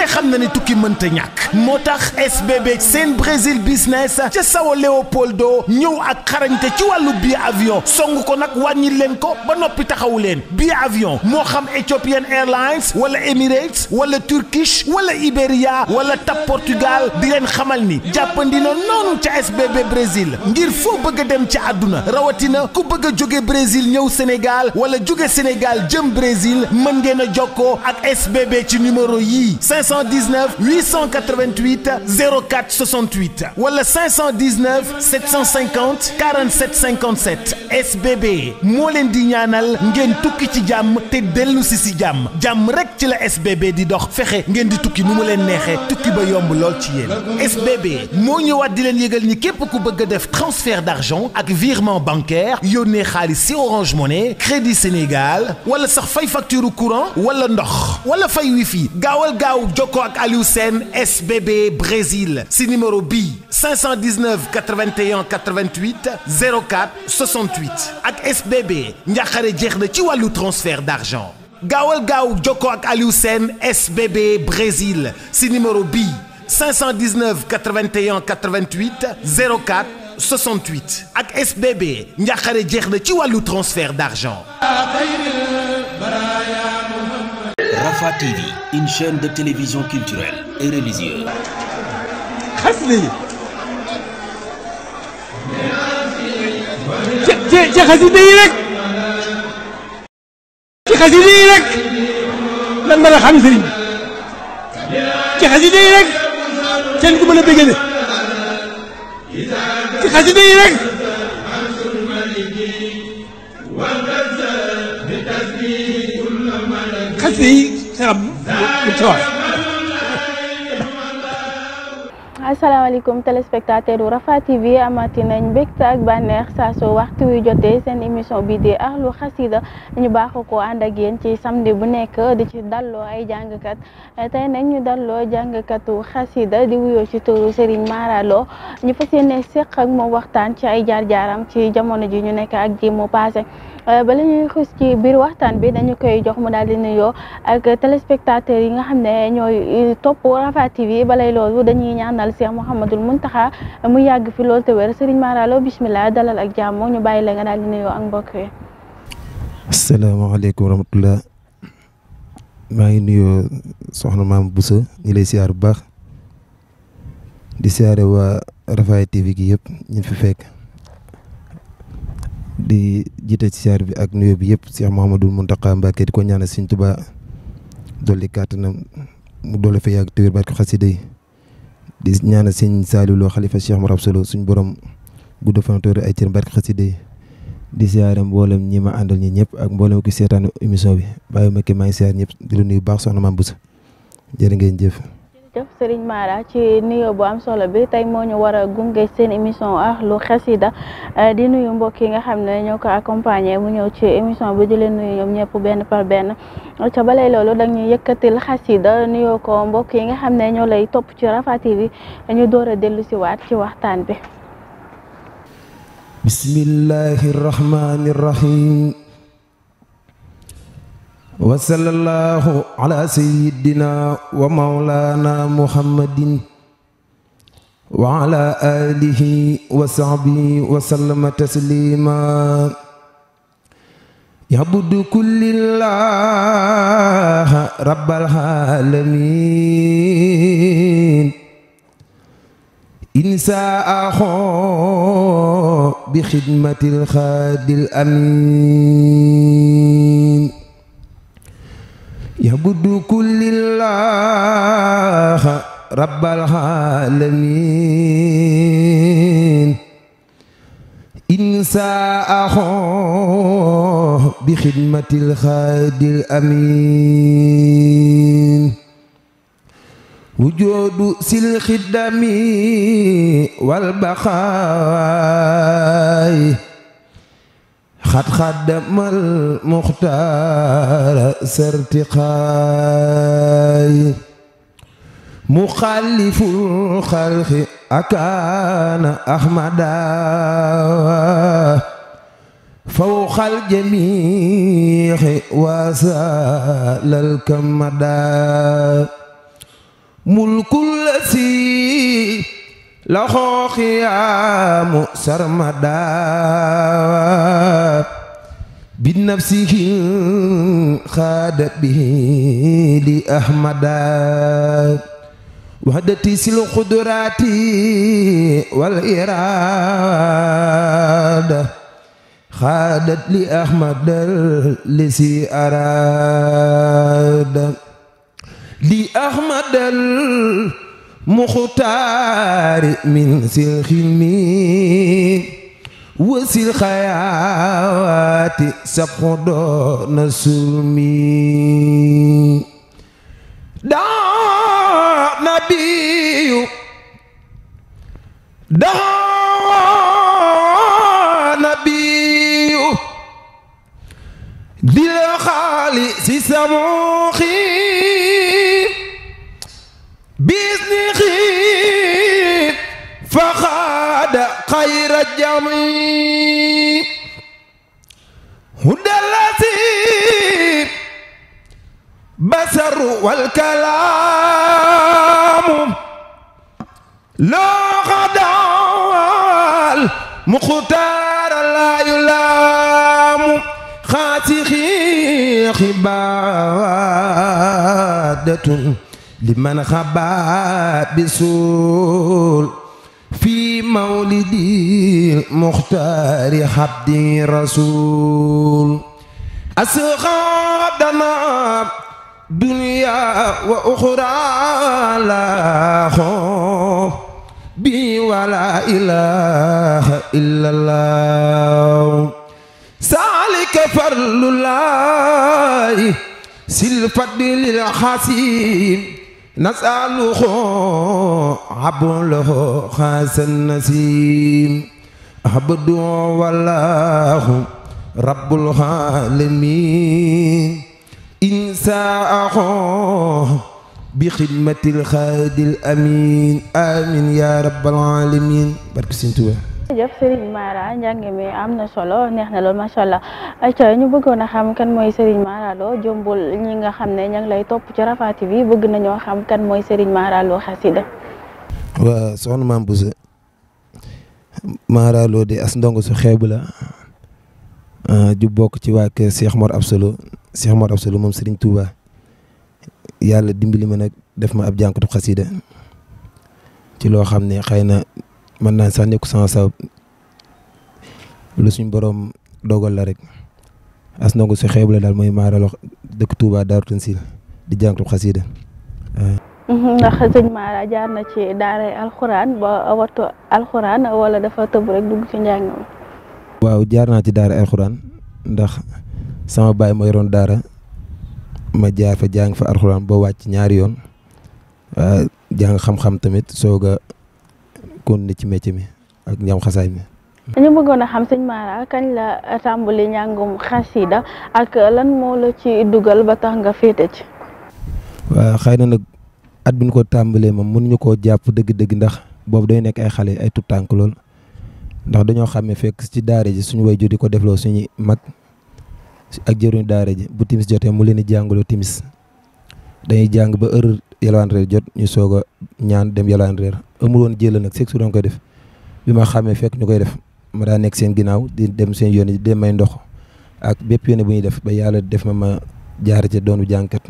ne xam na ne tukki mënta ñàkk moo tax SBB seen Brésil business ca São Leopoldo ñëw ak xarañte ci wàllu bii avion song ko nag wàññi leen ko ba noppi taxawu leen bii avion moo xam Ethiopian Airlines wala Emirates wala Turkish wala Iberia wala TAP Portugal di leen xamal ni jàppandi na noonu ca SBB Brésil ngir foo bëgg dem ci àdduna rawatina ku bëgg a jóge Brésil ñëw Sénégal wala jóge Sénégal jëm Brésil mën ngeen a jokkoo ak SBB ci numéro yii 519 888 04 68 wala 519 750 47 57 SBB moo leen di ñaanal ngeen tukki ci jàmm te dellu si si jàmm jàmm rek ci la SBB di dox fexe ngeen di tukki nu mu leen neexee tukki ba yomb lool ci yéen SBB moo ñëwaat di leen yëgal ni képp ku bëgg a def transfert d'argent ak virement bancaire yónnee xaalis si Orange Money Crédit Sénégal wala sax fay facture courant wala ndox wala fay wifi gaawal gaaw jokkoo ak Aliou Sène SBB Brésil si numéro bii ak SBB njàqare jeex na ci wàllu transfert d'argent gaawal gaaw jokkoo ak Aliou Sène SBB Brésil si numéro bii 519 81 88 04 ak SBB njàqare jeex na ci wàllu transfert d'argent Rafah TV une chaîne de télévision culturelle et religieuse. xas nañu. ca ca ca xasida yi rek. ci xasida yi rek. lan mën a xam sëriñ bi. ci xasida yi rek. kenn ku mën a bëggale. ci xasida yi rek. xasida yi sax bu sawar. asalaamaaleykum téléspectateur Rafah TV amati nañ mbégte ak banneex saa soo waxtu wi jotee seen émission bi di ahlu xasida ñu baaxoo ko ànd ak yéen ci samedi bu nekk di ci dalloo ay jàngkat tey nag ñu dalloo jàngkatu xasida di wuyoo ci turu Serigne Mara Lo ñu fas yéene seq ak moom waxtaan ci ay jaar-jaaram ci jamono ji ñu nekk ak ji mu passé Euh, bala ñuy xus ci biir waxtaan bi dañu koy jox mu daal di nuyoo ak téléspectateurs yi nga xam ne ñooy euh, topp Rafah TV balay loolu dañuy ñaanal Cheikh Mouhamadul Mountakha mu yàgg fi loolu te wér Serigne Mara Lo bismillah dalal ak jàmm ñu bàyyi la nga daal di nuyoo ak mbokk yi. wa rahmatullah ngi nuyoo soxna maam Boussa ñu bu baax di siyaare TV gi yëpp ñu fi fekk. di jiite ci siyaar bi ak nuyoo bi yëpp Cheikh Mouhamadul mun Mbacké di ko ñaanal Sëriñ Tuubaa dolli kàttanam mu dolli fa yàgg téwér barke xasida yi di ñaanal Sëriñ Saliou Lo xalifa Cheikh Mourab Solo suñ borom gudd fan tóori ay cër barke xasida yi di siyaare mboolem ñi ma àndal ñi ñëpp ak mboolem ki seetaan émission bi bàyyi ma maa ngi siyaar ñëpp di la baax soxna Mame Bousso jërë ngeen jëf jërëjëf Serigne Mara ci nuyoo bu am solo bi tey moo ñu war a gunge seen émission Ahlu Xasida eh, di nuyu mbokk yi nga xam ne ñoo ko accompagner mu ñëw ci émission bu di leen nuyu ñoom ñëpp benn par benn ca balay loolu dag ñu yëkkatil xasida nuyoo ko mbokk yi nga xam ne ñoo lay topp ci rafati bi ñu door a dellu si waat ci waxtaan bi bismillahi rahmani rahim wa sallallahu ala sayyidina wa mawlana muhammadin wa ala alihi wa sahbihi wa sallama taslima yabudu kullillaha rabbal alamin insaaho bi xidmatil xaadil amin yabudu kullillah rabbal alamin insaaxo bi xidmatil xaadil amin wujudu sil xidami wal baxaay xat xaddamal muxtaara sertixaay mu xaliful xalxi akaana ahmada fawxal jamiixi waasalal kamada mulkul si laxoo xiyaamu sarmada bi nafsihi xaada bihi li ahmada wahdati sil qudraati wal iraada xaadat li ahmadal li si li ahmadal muxtaari min silxilmi wasil xayawaati sab xodoo na sulmi daa nabiyu daa nabiyu dil xaali si samuxi العظيم هدى الذي بصر والكلام لا غدا مختار لا يلام خاسخي خبادة لمن خبا بسول fi mawlidi muxtaari xabdi rasuul asxaabana duniyaa wa uxraa laa xoo bi wala ilaaha illallaah saalika farlu laay sil fadlil xasiim نسأله عبله خاس النسيم عبد والله رب العالمين إن ساءه بخدمة الخادم الأمين آمين يا رب العالمين بارك سنتوه jërëjëf Serigne Mara njàng am na solo neex na lool macha allah ayca ñu bëggoon a xam kan mooy Serigne Mara Lo jombul ñi nga xam ne ña lay topp ci Rafah TV bëgg nañoo xam kan mooy Serigne Mara loo xasida waaw soxna maam Bousso Mara Lo di as ndongo su xeebu la ah, ju bokk ci waa kër Cheikh Mor Absolo Cheikh Mor Absolo moom Serigne Touba yàlla dimbali ma nag def ma ab jànkatu xasida ci loo xam ne xëy mën naa sax nekku sans sabab lu suñ borom la rek as nangu si xeeb la daal di jànkatu jaar naa ci daara sama baay ma yoroon daara ma jaar fa jàng fa alxuraan ba wàcc ñaari yoon jàng xam-xam tamit soog a continuer ci métier mi ak ñam xasaay mi. dañu bëggoon a xëy na nag at bi ko tàmbalee moom mënuñu koo jàpp dëgg-dëgg ndax boobu day nekk ay xale ay tuttànk lool ndax dañoo xàmme fekk ci daara ji suñu way jur di ko defloo suñu mag ak jëruñu daara ji bu timis jotee mu leen di jàngaloo timis dañuy jàng ba heure yalwaan jot ñu soog a ñaan dem yalwaan amul woon jëla nag seeg su doon koy def bi ma xàmmee fekk ñu koy def ma daa nekk seen ginnaaw di dem seen yoon yi di ndox ak bépp yoon bu ñuy def ba yàlla def ma ma jaar ci doonu jànkat.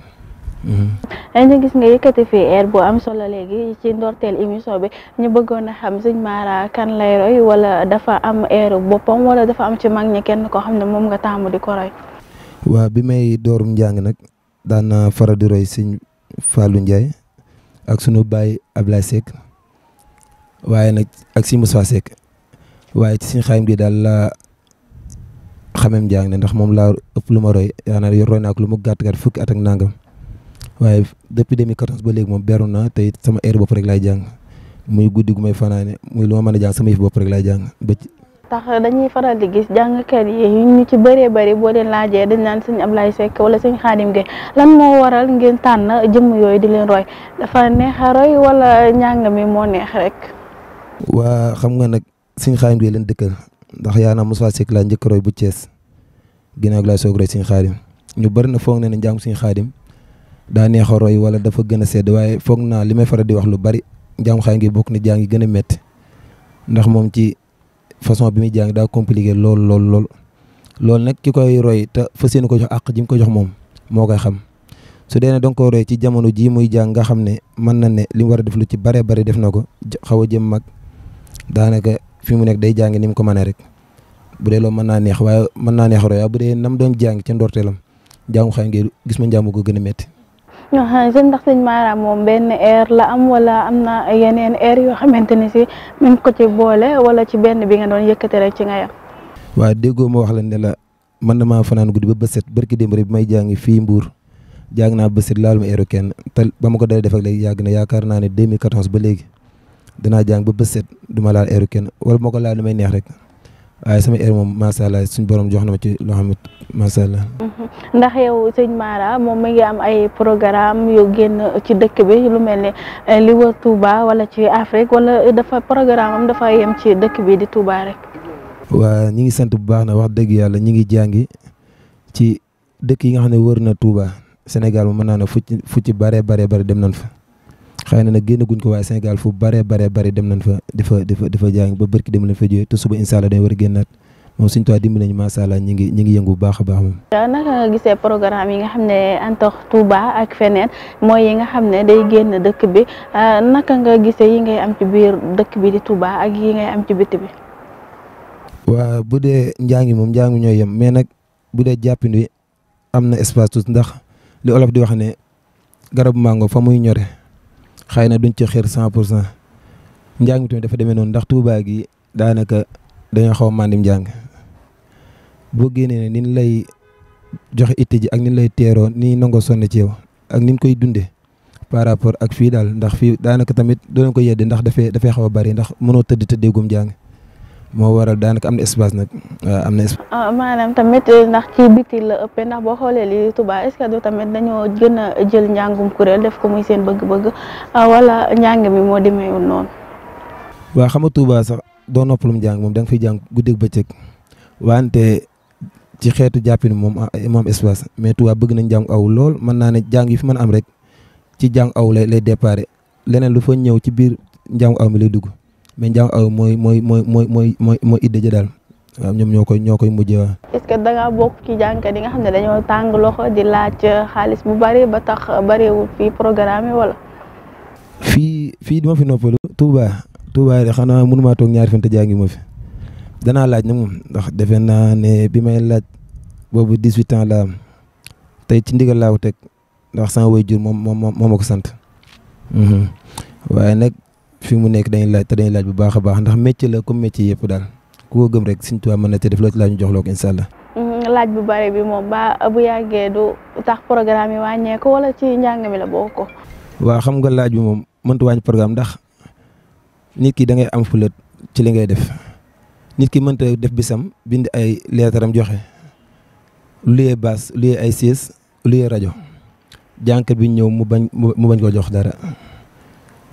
Mm-hmm. gis nga yëkkati fii air am solo léegi ci ndorteel émission bi ñu bëggoon a xam sëñ Mara kan lay roy wala dafa am air boppam wala dafa am ci mag ñi kenn koo xam ne moom nga taamu di ko roy. bi may doorum njàng nag daan naa faral di roy sëñ Fallou Ndiaye ak sunu baay Ablaye Seck. waaye nag ak si Moussa Seck waaye ci suñu xayma bi daal laa xamem njàng ne ndax moom la ëpp lu ma roy yaakaar naa roy naa ak lu mu gàtt gàtt fukki atak ak nangam waaye depuis 2014 ba léegi moom beru na te sama heure bopp rek laay jàng muy guddi gu may fanaane muy lu ma mën a jàng sama yëf bopp rek laay jàng ba ci. tax dañuy faral di gis jàngkat yi ñu ci bëree bëri boo leen laajee dañ naan sëñ Ablaye Seck wala sëñ Xaadim Gueye lan moo waral ngeen tànn jëmm yooyu di leen roy dafa neex a njàng mi rek. waa xam nga nag suñu xaalim bi lañ dëkkal ndax yaa naa Moussa Seck laa njëkk roy bu Thiès ginnaaw laa soog roy suñu xaalim ñu bëri na foog ne ne njàngu suñu xaalim daa neex a roy wala dafa gën a sedd waaye foog naa li may faral di wax lu bari njàngu xaalim gi bokk na jàng yi gën a métti ndax moom ci façon bi muy jàng daa compliqué lool lool lool loolu nag ki koy roy te fa yéene ko jox àq ji mu ko jox moom moo koy xam su dee ne danga ko roy ci jamono jii muy jàng nga xam ne mën na ne li mu war a def lu ci bare bare def na ko xaw a jëm mag daanaka fi mu nekk day jàng ni mu ko mënee rek bu dee loolu mën naa neex waaye mën naa neex roya bu dee nam doon jàng ci ndorteelam jàngu xay ngir gis ma njàngu ko gën a métti. ñoo xam moom benn la am wala am na yeneen air yoo xamante ni mi ko ci boole wala ci benn bi nga doon yëkkate rek ci nga yem. waaw déggoo wax la ne la man damaa fanaan guddi ba bëset barki démb rek bi may jàngi fii Mbour jàng naa bëset laal airu kenn te ba ko dalee def ak léegi na yaakaar naa ne 2014 ba léegi. danaa jàng ba bët set du ma laal eeru kenn wala moo ko laal damay neex rek waaye sama eer moom macha allah suñu borom jox na ma ci loo xam ne ndax yow sëñ Mara moom ma ngi am ay programme yu génn ci dëkk bi lu mel ne eh, li wër wala ci Afrique wala dafa programme dafa yem ci dëkk bi di Touba rek. waa ñi ngi sant bu baax na wax dëgg yàlla ñi ngi jàngi ci dëkk yi nga xam ne wër na Touba Sénégal mu mën naa ne fu ci fu ci bare bare bare dem nañ fa. xëy na nag génn guñ ko waaye Sénégal fu bare bare bare dem nañ fa di fa di fa di fa jàng ba barki dem lañ fa jógee te suba incha allah dañ war a génnaat moom suñu toit dimbali nañu macha ñu ngi ñu ngi yëngu bu baax a baax moom. naka nga gisee programme yi nga xam ne antox Touba ak feneen mooy yi nga xam ne day génn dëkk bi a ah, naka nga gisee yi ngay am ci biir dëkk bi di Touba ak yi ngay am ci biti bi. waaw bu dee njàng moom njàng ñooy yem mais nag bu dee jàppandi am na espace tuuti ndax li olof di wax ne garabu mango fa muy ñore. xëy na duñ ci xeer cent pour cent njàng mi tamit dafa demee noonu ndax Touba gi daanaka dañoo xaw a mandim njàng boo génnee ne ni lay joxe itti ji ak ni lay teeroo ni nangoo sonn ci yow ak ni ñu koy dundee par rapport ak fii daal ndax fii daanaka tamit doo leen ko yedde ndax dafay dafay xaw bari ndax mënoo tëdd tëddeegum jàng moo waral daanaka am na nag euh, am na espace. Ah, maanaam tamit euh, ndax ci biti la ëppee ndax boo xoolee li Touba est-ce que du tamit dañoo gën a jël njàngum kuréel def ko bëgg-bëgg ah, wala njàng mi moo demeewul noonu. waa xam nga Touba sax doo noppalum jàng moom da nga fiy jàng guddeeg bëccëg wante ci xeetu jàppin moom ah, moom espace mais Touba bëgg nañ jàng aw lool mën naa ne jàng yi fi mën am rek ci jàng aw lay lay déparé leneen lu fa ñëw ci biir njàng aw mi lay dugg. mais Ndiaw euh, mooy mooy mooy mooy mooy mooy mooy idée ji daal waaw ñoom ñoo koy ñoo koy mujjee waa. da ngaa bokk ci jànkat yi nga xam ne dañoo tàng loxo di laaj euh, xaalis bu bari ba tax euh, bariwul fii programme wala. fii fii dima fi noppalu. Touba Touba de xanaa mënumaa toog ñaari fan te jàngi ma danaa laaj nag moom ndax defe naa ne bi may laaj boobu dix-huit ans laa am tey ci ndigal laa ko teg ndax sama waajur moom moom moo ma ko sant mhm. waaye nag. fi mu nekk dañuy laaj te dañuy bu baax a baax ndax métier la comme métier yëpp daal ku ko gëm rek Sëriñ Tuubaa mën na te def loo ci laaj ñu jox loo ko incha allah. Mm, laaj bu bëri bi moom ba bu yàggee du tax programme yi wàññeeku wala ci njàng mi la bokk ko. waaw xam nga laaj bi moom mënut wàññi programme ndax nit ki da ngay am fulat ci li ngay def nit ki mënta def bisam bind ay leetaram joxe luyee baas luyee ay siis luyee rajo jànkat bi ñëw mu bañ mu bañ koo jox dara.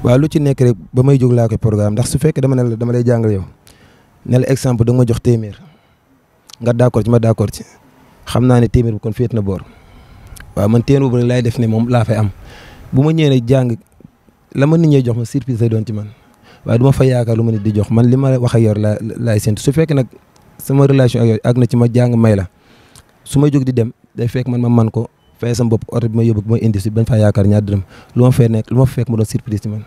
waaw lu ci nekk rek ba may jóg laa koy programme ndax su fekkee dama ne la dama lay jàngal yow ne la exemple da ma jox téeméer nga d'accord ci ma d'accord ci xam naa ne téeméer bu kon féet na boor waaw man téeméer boobu rek laay def ne moom laa fay am bu ma ñëwee jàng la ma nit ñi jox ma surprise lay doon ci man waaw du ma fa yaakaar lu ma nit di jox man li ma wax ak yow laa laay séntu su fekkee nag sama relation ak yow ak na ci ma jàng may la su may jóg di dem day fekk man ma man ko fay sa bopp oto bi ma yóbbu ma indi si bañ faa yaakaar ñaar dërëm lu ma fay nekk lu ma fekk mu doon surprise ci man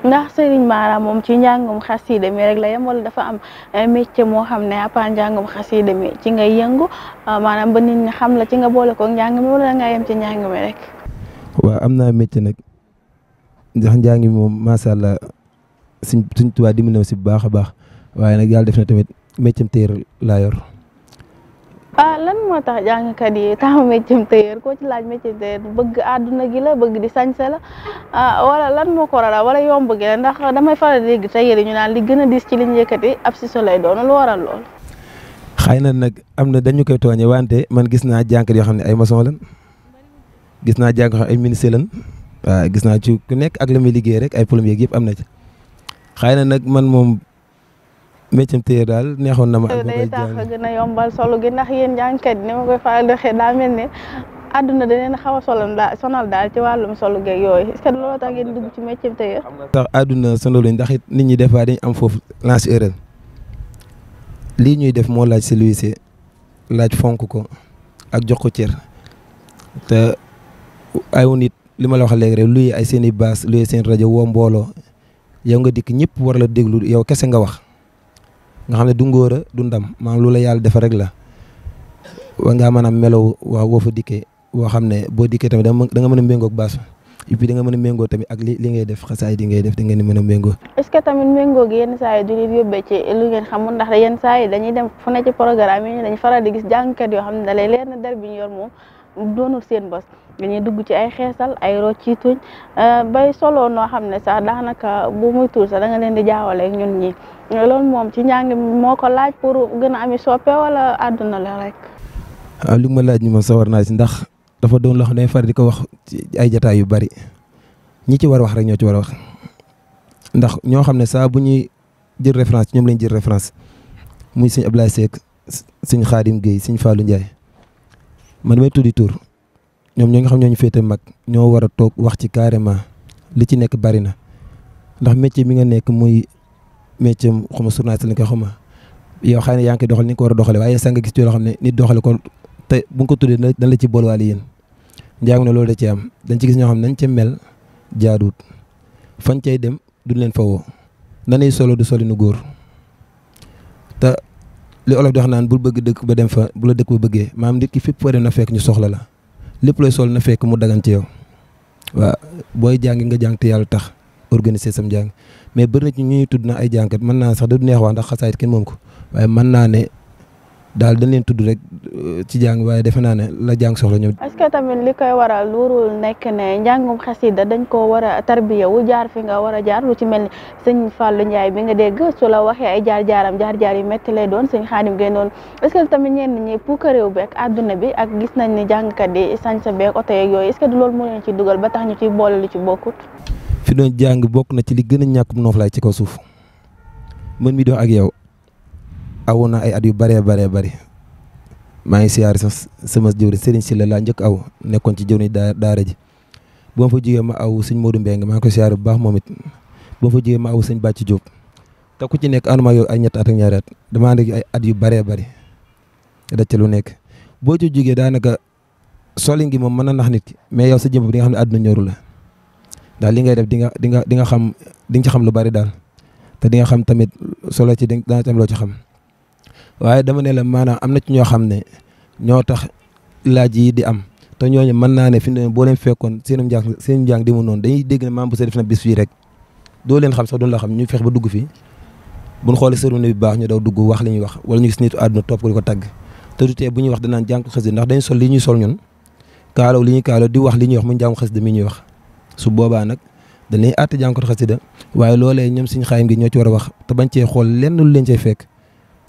ndax Serigne Mara moom ci njàngum xasida mi rek la yem dafa am eh, métier moo xam ne à part njàngum xasida ci nga yëngu ah, maanaam ba nit xam la ci nga boole ko njàng mi wala nga yem ci njàng waaw am naa métier nag njàng mi moom macha allah suñ suñ tubaab bu baax a baax waaye nag yàlla def na tamit métier téer laa yor. ah lan moo tax jàngkat yi taamu métier tailleur koo ci laaj métier tailleur bëgg àdduna gi la bëgg di sañse la a ah, wala lan moo ko wala yomb gi la ndax damay faral di dégg tailleur yi ñu naan li gën a diis ci li ñu yëkkati ab si lay doon lu waral lool. xëy na nag am na dañu koy tooñe wante man gis naa jàngkat yoo xam ne ay maçon lan gis naa jàng ay ministre lan waaw ah, gis naa ci ku nekk ak la muy liggéey rek ay plombier yëpp am na ci na nag man moom. métier téye daal neexoon na ma. ak day tax a gën a yombal solo ndax yéen jàngkat yi ni ma koy faral di waxee mel ne àdduna da leen a xaw daal sonal daal ci wàllum solo geeg yooyu est-ce que looloo ngeen dugg ci métier téye. tax àdduna sonal lañ ndax it nit ñi des fois dañ am foofu lance erreur lii ñuy def moo laaj civilisé laaj fonk ko ak jox ko cër te ay nit li ma la wax léegi rek luy ay seen i baas luy rajo woo mbooloo yow nga dikk ñépp war déglu yow kese nga wax. nga xam ne du ngóor a du ndam maanaam lu la yàlla defal rek la war ngaa mën a melow waaw woo fa dikkee boo xam ne boo dikkee tamit da nga mën a méngoo ak baas et nga mën a méngoo tamit ak li li ngay def xasaay di ngay def da ngeen di mën a méngoo. est-ce tamit méngoo gi yenn saa yi du leen yóbbee ci lu ngeen saa yi dañuy dem fu nekk ci programme yi dañuy faral di gis jàngkat yoo xam ne da lay leer na der bi ñu yor moom doonul seen bos. dañuy dugg ci ay xeesal ay roccituñ euh, bay solo noo xam ne sax daanaka bu muy tuur sax da leen di jaawale ak ñun ñi loolu moom ci njàng mi moo laaj pour gën a ami soppe wala àdduna la rek. waaw ah, li ma laaj ñu ma sawar naa si ndax dafa doon loo xam ne far di ko wax ci ay jataay yu bari ñi ci war a wax rek ñoo ci war ndax ñoo xam ne saa bu ñuy jël référence ñoom lañ jël référence muy sëñ Ablaye Seck sëñ Xaadim Guèye sëñ Fallou Ndiaye man may tuddi tur ñoom ñoo nga xam ñoo ñu féete mag ñoo war a toog wax ci carrément li ci nekk bari na ndax métier mi nga nekk muy. métier am xaw ma journaliste lañ koy xaw ma yow xëy na yaa ngi koy doxal ni nga ko war a doxalee waaye sa nga gis ci loo xam ne nit doxale ko te bu nga ko tuddee dañ la ci boolwaale yéen njàng ne loolu da ci am dañ ci gis ñoo xam ne nañ ci mel jaaduut fañ cay dem duñ leen fa woo nanay solo du soli nu góor te li olof naan bul bëgg dëkk ba dem fa bu la dëkk ba bëggee maam nit ki fépp foo dem na fekk ñu soxla la lépp looy sool na fekk mu daggante ci yow waaw booy jàngi nga jàng te yàlla tax organiser sam jàng mais bëri na ci ñuy tudd na ay jànkat mën naa sax da du neex wax ndax xasaayit kenn moom ko waaye mën naa ne daal dañ leen tudd rek euh, ci jàng waaye defe naa ne la jàng soxla ñëw. est que tamit li koy waral warul nekk ne njàngum xasida dañ ko war a tarbiya wu jaar fi nga war a jaar lu ci mel ni sëñ Fallou Ndiaye bi nga dégg su la waxee ay jaar-jaaram jaar-jaar yu métti lay doon sëñ Xaadim gay noonu est-ce que tamit ñenn ñi puukaréew bi bi ak gis nañ ni jàngkat yi sañ sa beeg yooyu loolu moo leen ci dugal ba tax ñu ci boole lu ci bokkut. fi doon jàng bokk na ci li gën a ñàkkum noof laay ci kaw suuf mën mi ak yow awoon na ay at yu bëree bëree bari maa ngi siyaar sax sama sëriñ si la laa njëkk aw nekkoon ci jëwri daara ji bu ma fa ma aw sëñ Modou Mbengue maa ko siyaar bu baax moom it fa jógee ma aw sëñ Bàcc Diop te ci nekk ànduma yow ay ñett at ak ñaari at ay at yu bëree bëri da ca lu nekk boo ci jógee daanaka solin gi moom mën na nax nit mais yow sa jëmm bi nga xam ne àdduna ñoru la daal li ngay def di nga di nga xam di nga ci xam lu bari daal te di nga xam tamit solo ci dana tam loo ci xam waaye dama ne la maanaam am na ci ñoo xam ne ñoo tax laaj yi di am te ñooñu mën naa ne fi ne boo leen fekkoon seen njàng seen njàng di mu noonu dañuy dégg ne maam bu sa def na bis fii rek doo leen xam sax duñ la xam ñu feex ba dugg fi fii buñ xoolee sërone bi baax ñu daw dugg wax li ñuy wax wala ñu gis nitu àdduna topp ko di tàgg te du tee bu ñuy wax danaan jàng xasida ndax dañu sol li ñuy sol ñun kaalaw li ñuy kaalaw di wax li ñuy wax mu jàng xasida mi ñuy wax su boobaa nag dañuy àtte jànkot xasida waaye loole ñoom suñ xaayam gi ñoo ci war a wax te bañ cee xool lenn lu leen cay fekk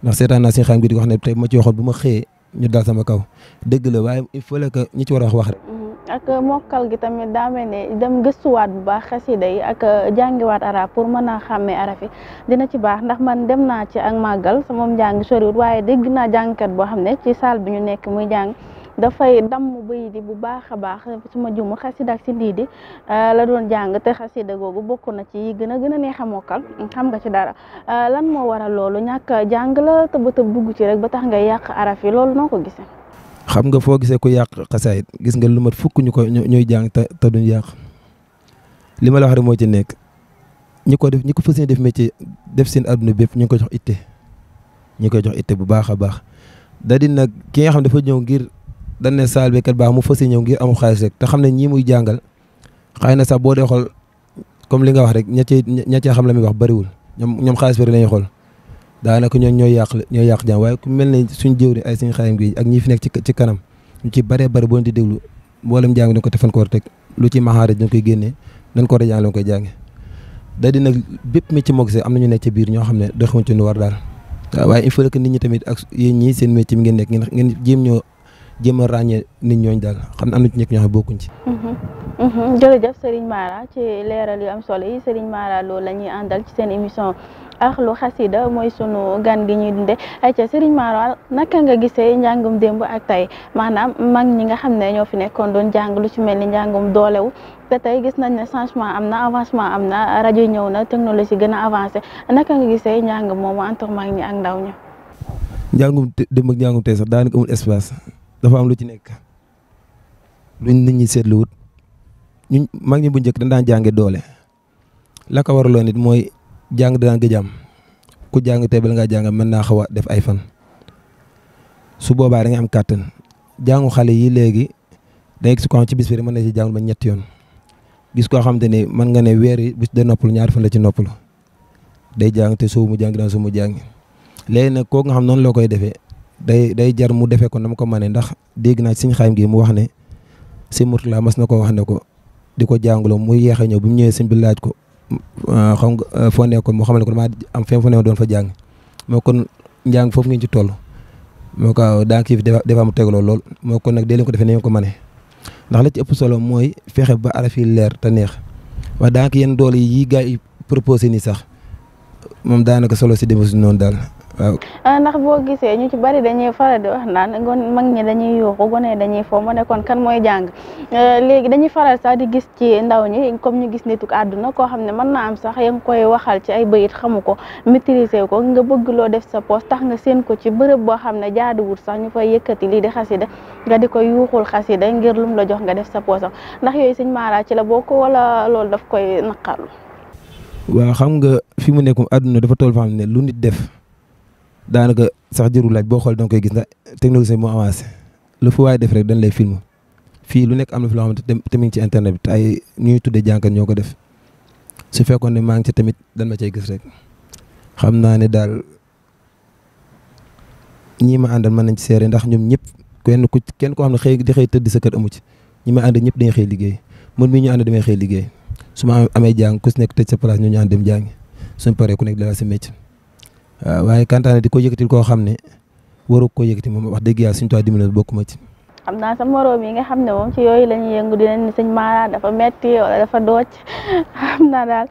ndax seetaan naa suñ xaayam gi di wax ne tey ma ci waxoon bu ma xëyee ñu dal sama kaw dëgg la waaye il faut ñi ci war a wax wax rek. Mm-hmm. ak mokkal gi tamit daa mel ne dem gëstuwaat bu baax xasida yi ak euh, jàngiwaat arab pour mën a xàmmee arab dina ci baax ndax man dem naa ci ak màggal sama njàng soriwut waaye dégg naa jàngkat boo xam ne ci salle bi ñu nekk muy jàng. dafay damm bëy di bu baax a baax suma jumu xasida ak si ndii di euh, la doon jàng te xasida googu bokk na ci yi gën a gën a neex a xam nga ci dara euh, lan moo waral loolu ñàkk jàng la tëb tëb dugg ci rek ba tax ngay yàq araf yi loolu noo ko gisee. xam nga foo gisee ku yàq xasaayit gis nga lu mat fukk ñu ko ñuy jàng te te duñ yàq li ma la wax moo ci nekk ñi ko def ñi ko fas yéene def métier def seen adduna bépp ñu ngi koy jox itte ñu koy jox itte bu baax a baax da dina nag dafa ñëw ngir dañ ne saal bi kat baax mu fas ñëw ngir amul xaalis rek te xam ne ñii muy jàngal xëy na sax boo dee xool comme li nga wax rek ña cee ña cee xam la muy wax bariwul ñoom ñoom xaalis bari la ñuy xool daanaka ñoom ñooy yàq ñooy yàq jàng waaye ku mel ne suñ jëwri ay suñ xaayam gi ak ñi fi nekk ci ci kanam ñu ci baree bari boo di déglu mboolem jàng ko defan ko war lu ci maxaaraj dañ koy génnee dañ ko war a jàng lañ koy jànge da di nag bépp métier moo gisee am nañu nekk ci biir ñoo xam ne doxewuñ ci nu war daal waaye il faut que nit ñi tamit ak yéen ñii seen métier mi ngeen nekk ngeen jéem ñoo jéem a ràññee nit ñooñu daal xam ne am na ci ñëpp ñoo xam mhm. Mhm. jërëjëf Serigne Mara ci leeral yu am solo yi Serigne Mara la ñuy àndal ci seen émission Ahlou Khassida mooy sunu gan gi ñuy dundee ayca Serigne Mara nga gisee njàngum démb ak tey maanaam mag ñi nga xam ne ñoo fi nekkoon doon jàng lu ci mel ni njàngum doolewu te tey gis nañ ne changement am na avancement am na rajo yi ñëw na technologie gën a avancé naka nga gisee njàng moom entre mag ñi ak ndaw ñi. njàngum démb ak njàngum sax daanaka amul espace. dafa am lu ci nekk lu nit ñi seetluwut ñu mag ñi bu njëkk dañ jànge doole la ko waraloon it mooy jàng daan gëjaam ku jàng tey bala ngaa jàng mën naa xaw def ay fan su boobaa da am kàttan jàngu xale yi léegi day gis ko xam ci bis mën na ci jàng ñetti yoon gis koo xam te ne mën nga ne weer yi bis de noppalu ñaar fan la ci noppalu day jàng te soo mu jàng daan soo mu jàng léegi nag kooku nga xam noonu loo koy defee day day jar mu defee ko na mu ko mane ndax dégg naa ci suñu xaym gi mu wax ne si Mourtala mas na ko wax ne ko di ko jàngaloo mu yéex a ñëw bi mu ñëwee si bi laaj ko ah, xam nga ah, foo nekkoon mu xamal ko damaa am fi mu ne doon fa jàng moo kon njàng foofu ngeen ci toll. moo ko ah, daa dafa mu tegloo lool moo kon nag dee leen ko defee ni ko mënee ndax la ci ëpp solo mooy fexe ba araf yi leer ta neex waaye daa yenn doole yi gaa yi proposé nii sax. moom daanaka solo si demee si noonu daal waaw. Ah, ndax boo gisee ñu ci bari dañuy faral di wax naan ngon mag ñi dañuy yuuxu gone dañuy fo mu ne kon kan mooy jàng eh, léegi dañuy faral sax di gis ci ndaw ñi comme ñu gis nituk àdduna koo xam ne mën naa am sax ya nga koy waxal ci ay bayit xamu ko maîtriser ko nga bëgg loo def sa poste tax nga seen ko ci bërëb boo xam ne jaaduwul sax ñu koy yëkkati lii di xasida nga di koy yuuxul xasida ngir lum la jox nga def sa poste ndax yooyu sëñ Mara ci la bokk wala loolu daf koy naqarlu waaw xam nga fi mu nekkum àdduna dafa tool foo ne lu nit def daanaka sax jëru laaj boo xool da nga koy gis ndax technologie moo avancé lu fu waay def rek dañ lay film fii lu nekk am na fi loo ci internet bi ay ñuy tuddee jànkat ñoo ko def su fekkoon ne maa ngi ci tamit dañ ma cay gis rek xam naa ne daal ñii ma àndal mën nañ ci seere ndax ñoom ñëpp kenn ku kenn koo xam xëy di tëdd sa kër amu ci ñi ma àndal ñëpp dañuy xëy liggéey man mii ñu ànd damay xëy liggéey su ma amee jàng ku si nekk tëj sa place ñu ñaan dem jàngi suñ paree ku nekk dalal sa métier waaw waaye kantaane di ko yëkkati koo xam ne waru ko yëkkati moom wax dëgg yàlla suñu toit dimbali bokku ma ci. xam naa sa moroom yi nga xam ne moom ci yooyu la yëngu dinañ ni sëñ Mara dafa metti dafa dooj xam naa daal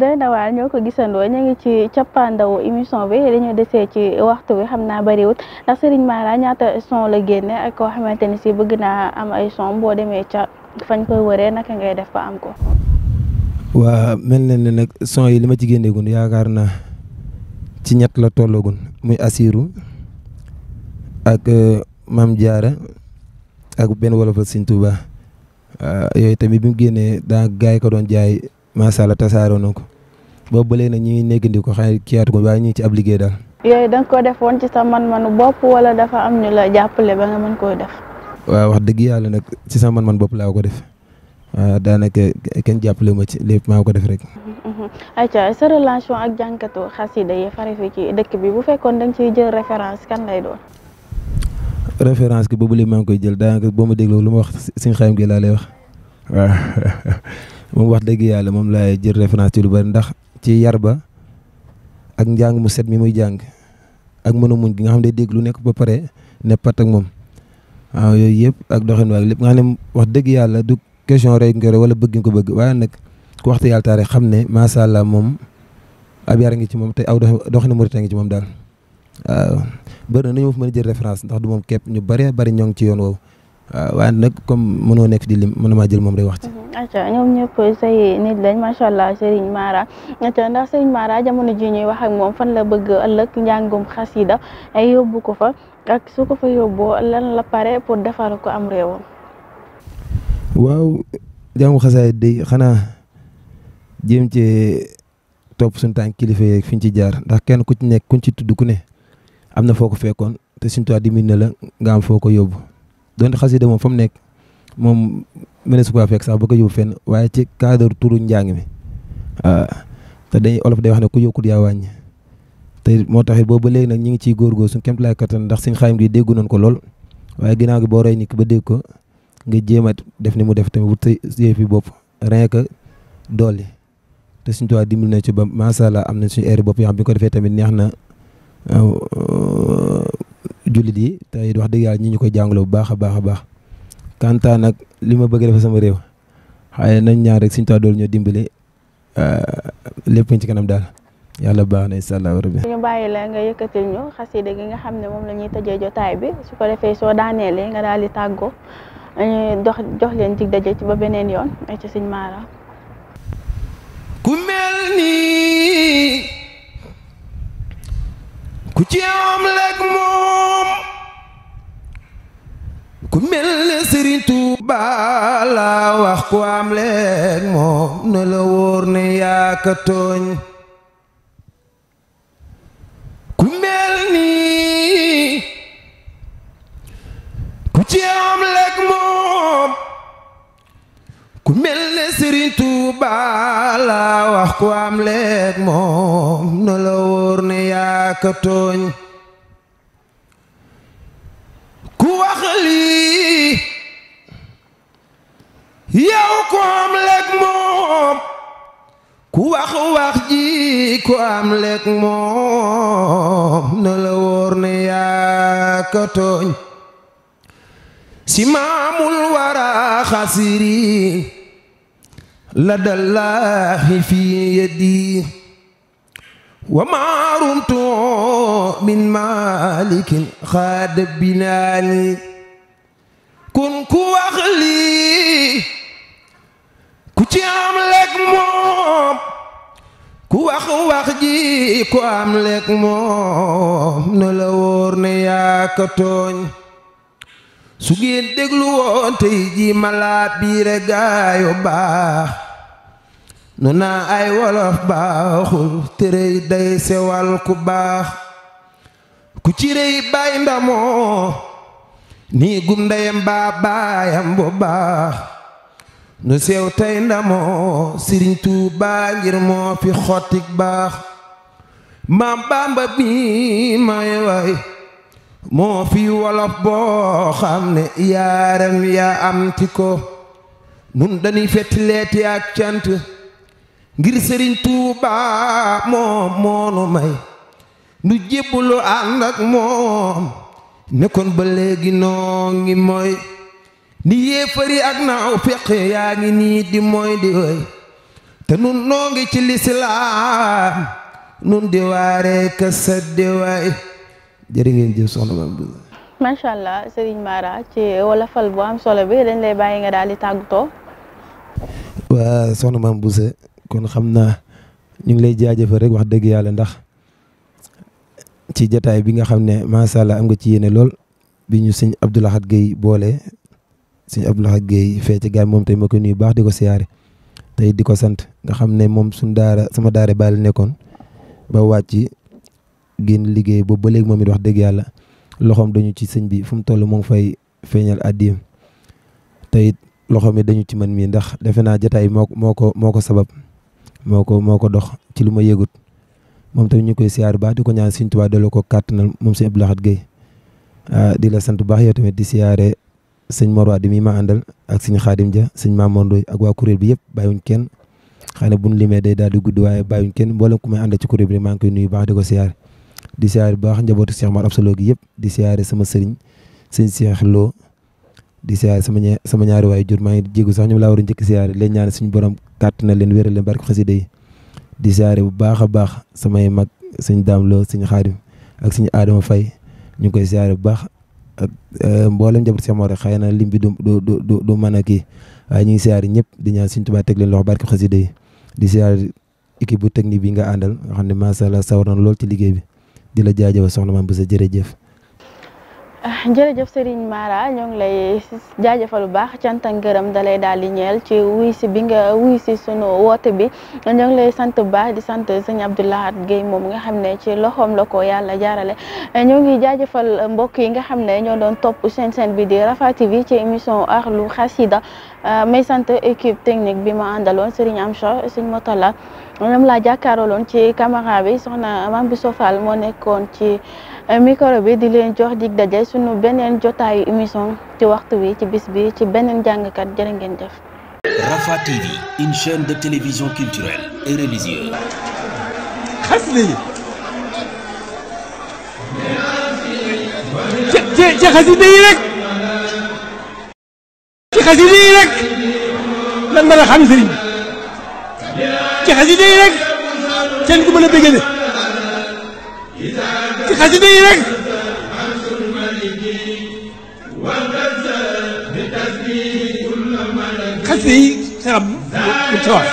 doy na ñoo ko gisandoo ñu ngi ci cappaandawu émission bi dañoo desee ci waxtu bi xam naa bariwut ndax sëriñ Mara ñaata son la génne ak koo xamante ni si bëgg naa am ay son boo demee ca fañ koy wëree naka ngay def ba am ko. waa mel na ne nag son yi li ma ci génneegun yaakaar naa ci ñett la tollagun muy assiru ak euh, Mame Diarra ak benn wolof wolofal Sëñ Tuuba yooyu tamit bi mu génnee daa gaay ko doon jaay macha allah tasaaroo na ko boobu ba léegi nag ñu ngi néegandi ko xëy na ko waaye ñu ci ab liggéey daal. yooyu da ko def woon ci sa man bopp wala dafa am ñu la jàppale ba nga mën koo def. waaw wax dëgg yàlla nag ci sa man-man bopp laa ko def. Euh, daanaka kenn jàppale ma ci lépp maa ko def rek. Mhm. ayca sa relation ak jànkatu xasida yi fari fi ci dëkk bi bu fekkoon da nga jël référence ki boobu léegi maa ngi koy jël daanaka boo ma dégloo lu ma wax Sëñ Xadim gi lay wax moom wax dëgg yàlla moom laay jël référence ci lu bari ndax ci yar ba ak njàng mu set mi muy jàng ak mën a muñ gi nga xam ne dégg lu nekk ba pare ne pat moom yooyu yëpp ak doxin waag lépp nga xam ne wax dëgg yàlla du. question rek nga wala bëgg ko bëgg waaye nag ku waxtu yàlla taare xam ne macha allah moom ab yar ngi ci moom te aw doxinu murit ngi ci moom daal waaw bëri na nu ñu mën a jël du moom képp ñu bëree bëri ñoo ngi ci yoon woowu waaw waaye nag comme nekk di lim mënuma jël moom day wax ci. Mhm. acca ñoom ñëpp say nit lañ macha allah Serigne Mara acca ndax Serigne Mara jamono ji ñuy wax ak moom fan la bëgg ëllëg njàngum xasida ay yóbbu ko fa ak su ko fa yóbboo lan la pare pour defar ko am réewam. waaw jàngu xasaay day xanaa jéem cee top suñu tànk kilifa yeeg fi ci jaar ndax kenn ku ci nekk kuñ ci tudd ku ne am na foo ko fekkoon te suñu toit dimbali la nga foo ko yóbbu donte xasida moom fa mu nekk moom mënees su ko fekk sax ba ko yóbbu fenn waaye ci cadre turu njàng mi ah, te dañ olof day wax ne ku yokkut yaa wàññi te moo taxit boobu ba léegi nag ñu ngi ciy góorgóorlu suñu kéemtalaay kattan ndax suñu xayma bi déggu nañ ko lool waaye ginnaaw gi boo rey nit ba dégg ko. nga jéem a def ni mu def tamit wut sa yëf yi bopp rien que dolli te suñu tubaab dimbali na ci ba macha allah am na suñu air bopp bi ko defee tamit neex na euh, yi te wax dëgg yàlla ñu koy jàngaloo bu baax a baax a baax. Kanta nag li ma bëgg a def réew xëy nañ ñaan rek suñu tubaab dool ñoo dimbali euh, lépp ci kanam daal. yàlla baax na incha xam ne moom la ñuy tëjee jotaay bi su ko defee soo daaneelee nga daal di tàggoo. dox jox leen dig daje ci ba beneen yoon ay ci sëñ Mara ku mel nii ku ci am lekk moom ku mel ne Sëriñ Tuubaa wax ku lekk moom ne la wóor ne yaa tooñ ku mel nii ku ci am lekk ku mel ne Serigne Touba la wax ku am leeg moom na la wóor ne yaa ko tooñ ku wax lii yow ku am leeg moom ku wax wax ji ku am leeg moom na la wóor ne yaa ko tooñ si maamul wara xasiri لدى الله في يدي وما رمت من مالك خاد بناني كن كوخلي كتيام لك موم كوخ وخجي كوام لك موم نلورني يا كتوني su ngeen déglu woon tey ji mala biire baax nu naa ay wolof baaxul tërëy day sewal ku baax ku ci rëy bay ndamoo nii gum ndeyam baa baayam bu baax nu sew tey ndamoo sëriñ Tuubaa ngir moo fi xottik baax maam Bàmba bi may way moo fi wolof boo xam ne yaaram yaa amti ko nun dañuy fett ak cant ngir sëriñ tuuba moom moonu may nu jébbulu ànd ak moom nekkoon ba léegi noo ngi mooy ni yéefari ak naaw feq yaa ngi nii di mooy di woy te nun noo ngi ci lislaam nun di waaree ka di way jërë ngeen jëf soxna Mame Bousso. macha allah Serigne Mara ci wolofal bu am solo bi dañ lay bàyyi nga daal di tàggatoo. waa soxna Mame Bousso kon xam naa ñu ngi lay jaajëfal rek wax dëgg yàlla ndax ci jataay bi nga xam ne macha allah am nga ci yéene lool bi ñu sëñ Abdou Lahad géey boole sëñ Abdou Lahad Guèye fee ci moom tey ma koy baax di ko siyaare tey di ko sant nga xam ne moom suñ daara sama daara bàyyi nekkoon ba wàcc génn liggéey boobu ba léegi moom it wax dëgg yàlla loxoom dañu ci sëñ bi fu mu toll mu ngi fay feeñal addiim te it loxoom it dañu ci man mii ndax defe naa jotaay moo moo ko moo ko sabab moo ko moo ko dox ci lu ma yëgut moom tamit ñu koy siyaar baax di ko ñaan sëñ Tuubaa daloo ko kàttanal moom sëñ Abdou Lahad Guèye ah, di la sant baax yow tamit di siyaare sëñ Morwa di mi ma àndal ak sëñ Xaadim Dia sëñ Maam Mondoy ak waa kuréel bi yëpp bàyyiwuñ kenn xëy na bu ñu limee day daal di gudd waaye bàyyiwuñ kenn baax di ko siyaare di siyaare bu baax njabootu Cheikh Mar Absolo gi yëpp di siyaare sama sëriñ sëñ Cheikh loo di siyaare sama sama ñaari waay jur maa ngi jégu sax ñoom la war a njëkk siyaare leen ñaan suñu borom kàtt na leen wéral leen barke xasida yi di siyaare bu baax a baax samay mag sëñ Daam Lo sëñ Xaadim ak sëñ Adama ñu ngi koy siyaare bu baax ak euh, mboolem njabootu Cheikh Mar rek xëy na lim bi du du du du mën a kii ñu ngi siyaare ñëpp di ñaan suñu teg leen loxo barke xasida yi di siyaare équipe bu technique bi nga àndal nga xam ne macha Allah sawar na lool ci liggéey bi di la jaajëfal soxna maam Bousso jërëjëf. Ah, jërëjëf Serigne Mara ñoo ngi lay jaajëfal bu baax cant ak ngërëm daal di ñeel ci wuy si bi nga wuy si sunu woote bi ñoo ngi lay sant bu baax di sant sëñ Abdou Lahad Guèye moom nga xam ne ci loxoom la ko yàlla jaarale ñoo ngi jaajëfal mbokk yi nga xam ne ñoo doon topp seen seen bi di Rafah TV ci émission Ahlou Khassida ah, may sant équipe technique bi ma àndaloon Serigne Amcha sëñ motola ñoom laa jàkkaarloon ci caméra bi soxna Mame Bissou Fall moo nekkoon ci eh, micro bi di leen jox dig daje suñu beneen jotaayu émission ci waxtu wi ci bis bi ci beneen jàngkat jërë ngeen jëf. Rafah TV une chaîne de télévision culturelle et religieuse. ci xasida yi yi rek ci xasida yi rek kenn ku mën a bégale ci xasida yi rek xasida yi xaram bu tawaaf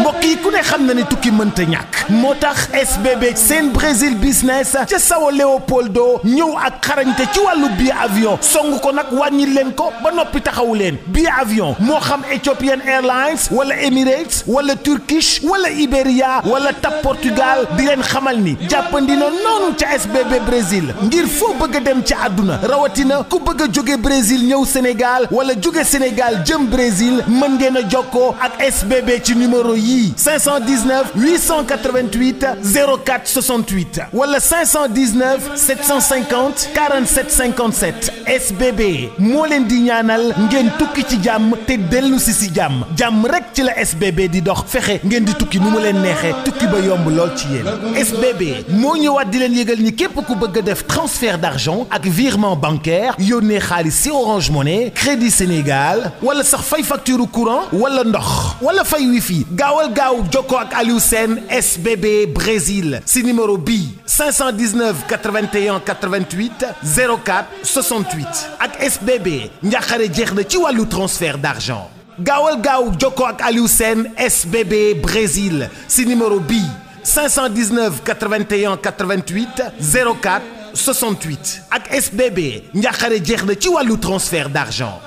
mbokk yi ku ne xam na ne tukki mënta ñàkk moo tax SBB seen Brésil business ca sawa Léopoldo ñëw ak xarañte ci wàllu billet avion song ko nag wàññi leen ko ba noppi taxawu leen billet avion moo xam Ethiopian Airlines wala Emirates wala Turkish wala Iberia wala TAP Portugal di leen xamal ni jàppandi na noonu ca SBB Brésil ngir foo bëgg a dem ci àdduna rawatina ku bëgg a jóge Brésil ñëw Sénégal wala jóge Sénégal jëm Brésil mën ngeen a jokkoo ak SBB ci numéro yii 519 880 88 04 68 wala 519 750 47 57 SBB moo leen di ñaanal ngeen tukki ci jàmm te dellu si si jàmm jàmm rek ci la SBB di dox fexe ngeen di tukki nu mu leen neexee tukki ba yomb lool ci yéen SBB moo ñëwaat di leen yëgal ni képp ku bëgg a def transfert d'argent ak virement bancaire yónnee xaalis si Orange Money Crédit Sénégal wala sax fay facture courant wala ndox wala fay wifi gaawal gaaw jokkoo ak Aliou Sène SBB BB Brésil si numéro bii 519 81 88 04 68 ak SBB njàqare jeex na ci wàllu transfert d'argent gaawal gaaw jokkoo ak Aliou Sène SBB Brésil si numéro bii 519 81 88 04 68 ak SBB njàqare jeex na ci wàllu transfert d'argent